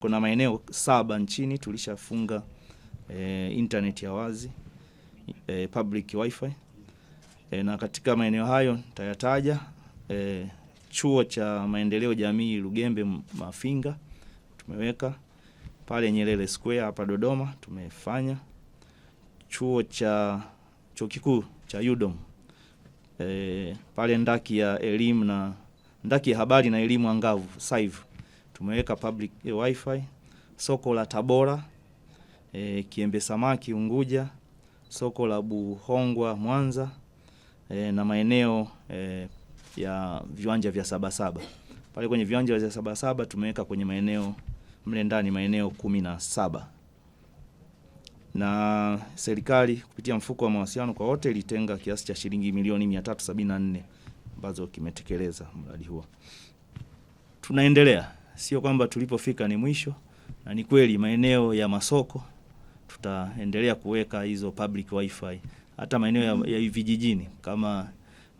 Kuna maeneo saba nchini tulishafunga e, internet ya wazi e, public wifi e, na katika maeneo hayo tayataja e, chuo cha maendeleo jamii Lugembe Mafinga tumeweka pale Nyerere Square hapa Dodoma tumefanya chuo cha chuo kikuu cha UDOM e, pale ndaki ya elimu na ndaki ya habari na elimu angavu saivu tumeweka public eh, wifi, soko la Tabora, e, Kiembe Samaki Unguja, soko la Buhongwa Mwanza, e, na maeneo e, ya viwanja vya Sabasaba. Pale kwenye viwanja vya Sabasaba tumeweka kwenye maeneo mle ndani maeneo kumi na saba na serikali kupitia mfuko wa mawasiliano kwa wote ilitenga kiasi cha shilingi milioni 374 ambazo kimetekeleza mradi huo. Tunaendelea sio kwamba tulipofika ni mwisho, na ni kweli maeneo ya masoko tutaendelea kuweka hizo public wifi hata maeneo ya, ya vijijini. Kama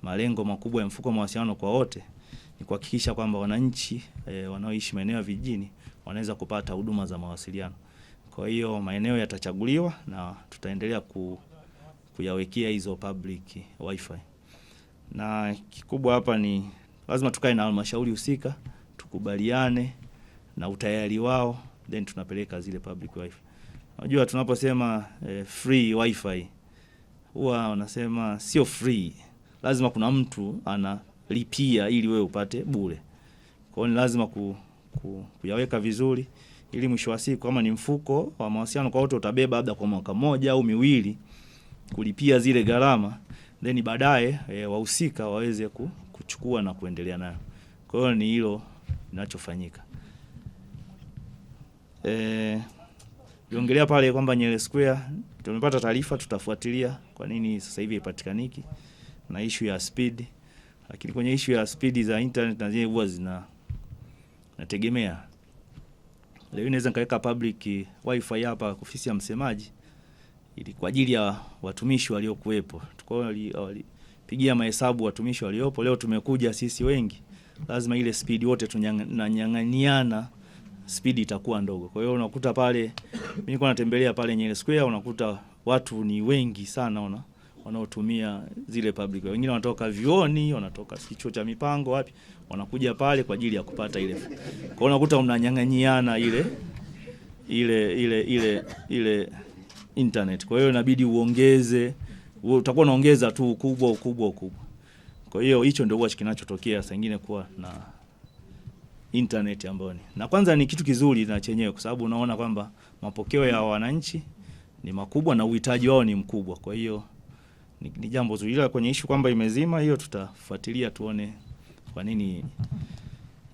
malengo makubwa ya mfuko wa mawasiliano kwa wote ni kuhakikisha kwamba wananchi e, wanaoishi maeneo ya vijijini wanaweza kupata huduma za mawasiliano. Kwa hiyo maeneo yatachaguliwa na tutaendelea ku, kuyawekea hizo public wifi, na kikubwa hapa ni lazima tukae na halmashauri husika tukubaliane na utayari wao, then tunapeleka zile public wifi. Unajua tunaposema eh, free wifi huwa wanasema sio free, lazima kuna mtu analipia ili wewe upate bure. Kwa hiyo ni lazima ku, ku, kuyaweka vizuri ili mwisho wa siku kama ni mfuko wa mawasiliano kwa wote utabeba labda kwa mwaka mmoja au miwili kulipia zile gharama, then baadaye eh, wahusika waweze kuchukua na kuendelea nayo. Kwa hiyo ni hilo kinachofanyika. Eh, niongelea pale kwamba Nyerere Square tumepata taarifa, tutafuatilia kwa nini sasa hivi haipatikaniki na issue ya speed, lakini kwenye issue ya speed za internet na zile huwa zina nategemea. Leo inaweza nikaweka public wifi hapa ofisi ya msemaji ili kwa ajili ya watumishi waliokuwepo. Tukao walipigia mahesabu watumishi waliopo. Leo tumekuja sisi wengi lazima ile speed wote tunanyang'aniana, speed itakuwa ndogo. Kwa hiyo unakuta pale, mimi kwa natembelea pale Nyerere Square, unakuta watu ni wengi sana ona wanaotumia zile public, wengine wanatoka vioni, wanatoka kichuo cha mipango wapi, wanakuja pale kwa ajili ya kupata ile. Kwa hiyo unakuta mnanyang'anyiana ile ile ile ile ile internet. Kwa hiyo inabidi uongeze, utakuwa unaongeza tu ukubwa ukubwa ukubwa. Kwa hiyo hicho ndio huwa kinachotokea saa kuwa na internet ambayo ni. Na kwanza ni kitu kizuri na chenyewe kwa sababu unaona kwamba mapokeo ya wananchi ni makubwa na uhitaji wao ni mkubwa. Kwa hiyo ni, ni jambo zuri, ila kwenye ishu kwamba imezima hiyo, tutafuatilia tuone kwa nini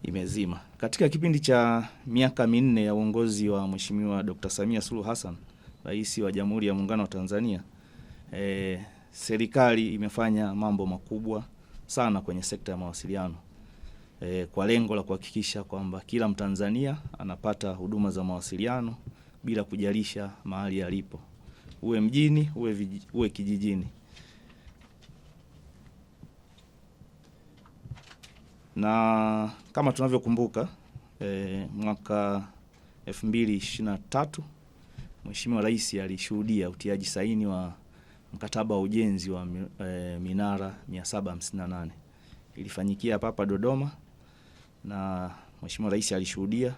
imezima. Katika kipindi cha miaka minne ya uongozi wa Mheshimiwa Dr. Samia Suluhu Hassan, Rais wa Jamhuri ya Muungano wa Tanzania, e, serikali imefanya mambo makubwa sana kwenye sekta ya mawasiliano e, kwa lengo la kuhakikisha kwamba kila Mtanzania anapata huduma za mawasiliano bila kujalisha mahali alipo, uwe mjini uwe, vij, uwe kijijini. Na kama tunavyokumbuka e, mwaka 2023 Mheshimiwa Rais alishuhudia utiaji saini wa mkataba wa ujenzi wa e, minara 758 ilifanyikia hapa Dodoma na Mheshimiwa Rais alishuhudia.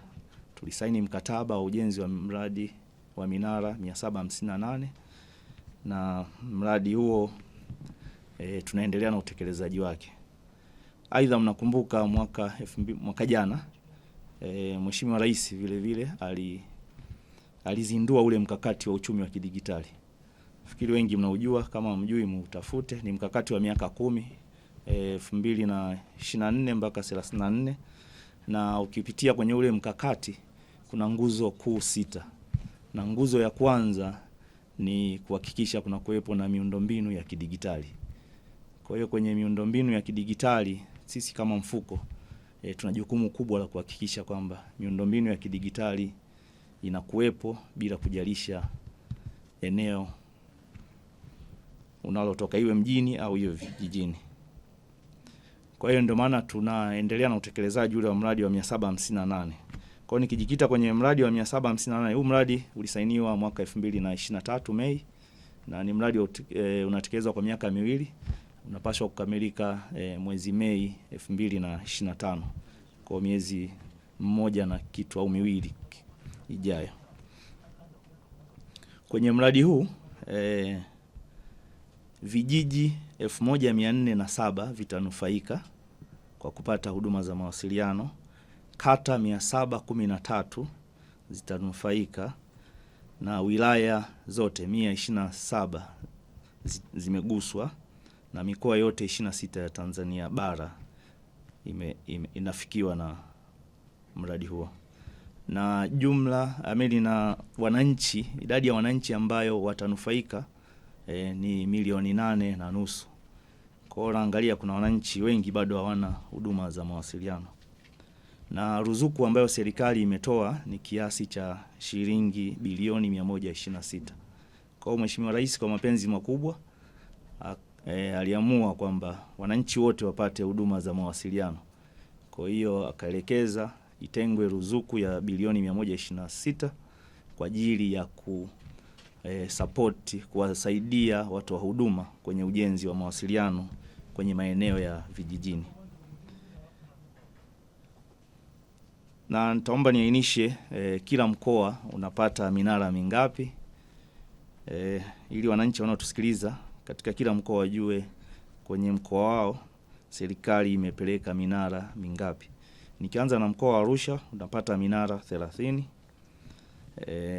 Tulisaini mkataba wa ujenzi wa mradi wa minara 758 na mradi huo e, tunaendelea na utekelezaji wake. Aidha, mnakumbuka mwaka mwaka jana e, Mheshimiwa Rais vile vile ali alizindua ule mkakati wa uchumi wa kidigitali. Nafikiri wengi mnaujua, kama mjui mutafute Ni mkakati wa miaka kumi elfu mbili na ishirini na nne mpaka thelathini na nne na ukipitia kwenye ule mkakati kuna nguzo kuu sita, na nguzo ya kwanza ni kuhakikisha kuna kuwepo na miundombinu ya kidigitali. Kwa hiyo kwenye miundombinu ya kidigitali sisi kama mfuko e, tuna jukumu kubwa la kuhakikisha kwamba miundombinu ya kidigitali inakuwepo bila kujalisha eneo unalotoka iwe mjini au iwe vijijini. Kwa hiyo ndio maana tunaendelea na utekelezaji ule wa mradi wa 758. Kwa hiyo nikijikita kwenye mradi wa 758, huu mradi ulisainiwa mwaka 2023 Mei na ni mradi e, unatekelezwa kwa miaka miwili, unapaswa kukamilika e, mwezi Mei 2025, kwa miezi mmoja na kitu au miwili ijayo. Kwenye mradi huu e, Vijiji 1407 vitanufaika kwa kupata huduma za mawasiliano, kata 713 zitanufaika na wilaya zote 127 zimeguswa na mikoa yote 26 ya Tanzania bara ime, ime, inafikiwa na mradi huo na jumla ameli na wananchi, idadi ya wananchi ambayo watanufaika e, ni milioni nane na nusu. Kwa hiyo naangalia kuna wananchi wengi bado hawana huduma za mawasiliano. Na ruzuku ambayo serikali imetoa ni kiasi cha shilingi bilioni 126. Kwa hiyo Mheshimiwa Rais kwa mapenzi makubwa e, aliamua kwamba wananchi wote wapate huduma za mawasiliano. Kwa hiyo akaelekeza itengwe ruzuku ya bilioni 126 kwa ajili ya ku eh, support kuwasaidia watu wa huduma kwenye ujenzi wa mawasiliano kwenye maeneo ya vijijini. Na nitaomba niainishe eh, kila mkoa unapata minara mingapi eh, ili wananchi wanaotusikiliza katika kila mkoa wajue kwenye mkoa wao serikali imepeleka minara mingapi. Nikianza na mkoa wa Arusha unapata minara 30. eh,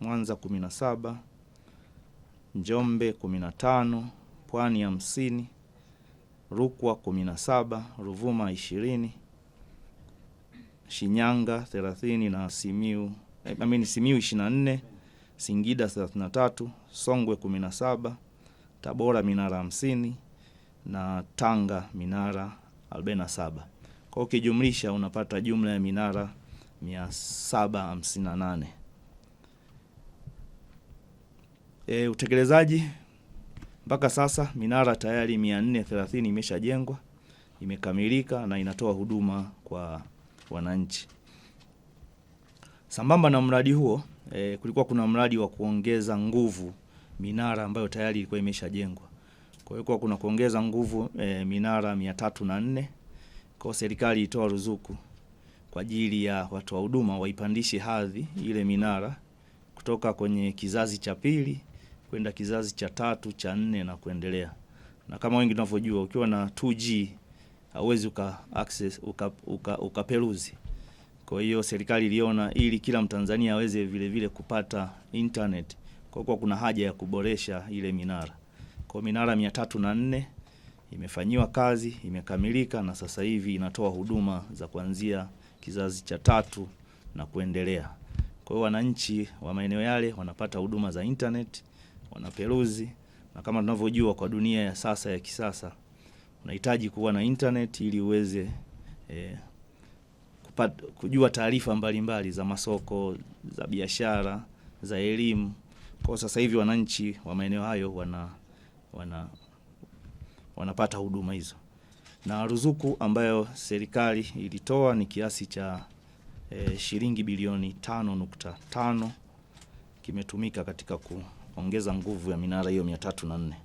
Mwanza 17, Njombe 15, Pwani 50, Rukwa 17, Ruvuma 20, Shinyanga 30 na Simiu eh, amini Simiu 24, Singida 33, Songwe 17, Tabora Minara 50 na Tanga Minara 47. Kwa ukijumlisha unapata jumla ya minara 758. E, utekelezaji mpaka sasa minara tayari 430 imeshajengwa, imekamilika na inatoa huduma kwa wananchi. Sambamba na mradi huo e, kulikuwa kuna mradi wa kuongeza nguvu minara ambayo tayari ilikuwa imeshajengwa. Kwa hiyo kuna kuongeza nguvu e, minara 304 kwa serikali itoa ruzuku kwa ajili ya wa huduma waipandishe hadhi ile minara kutoka kwenye kizazi cha pili kwenda kizazi cha tatu cha nne na kuendelea. Na kama wengi tunavyojua, ukiwa na 2G hauwezi uka access uka, uka, ukaperuzi. Kwa hiyo serikali iliona ili kila Mtanzania aweze vile vile kupata internet, kwa kuwa kuna haja ya kuboresha ile minara. Kwa minara mia tatu na nne imefanyiwa kazi, imekamilika na sasa hivi inatoa huduma za kuanzia kizazi cha tatu na kuendelea. Kwa hiyo wananchi wa maeneo yale wanapata huduma za internet wanaperuzi, na kama tunavyojua kwa dunia ya sasa ya kisasa unahitaji kuwa na internet ili uweze eh, kupata, kujua taarifa mbalimbali za masoko, za biashara, za elimu. Kwa sasa hivi wananchi wa maeneo hayo wana, wana wanapata huduma hizo. Na ruzuku ambayo serikali ilitoa ni kiasi cha eh, shilingi bilioni 5.5 kimetumika katika ku ongeza nguvu ya minara hiyo mia tatu na nne.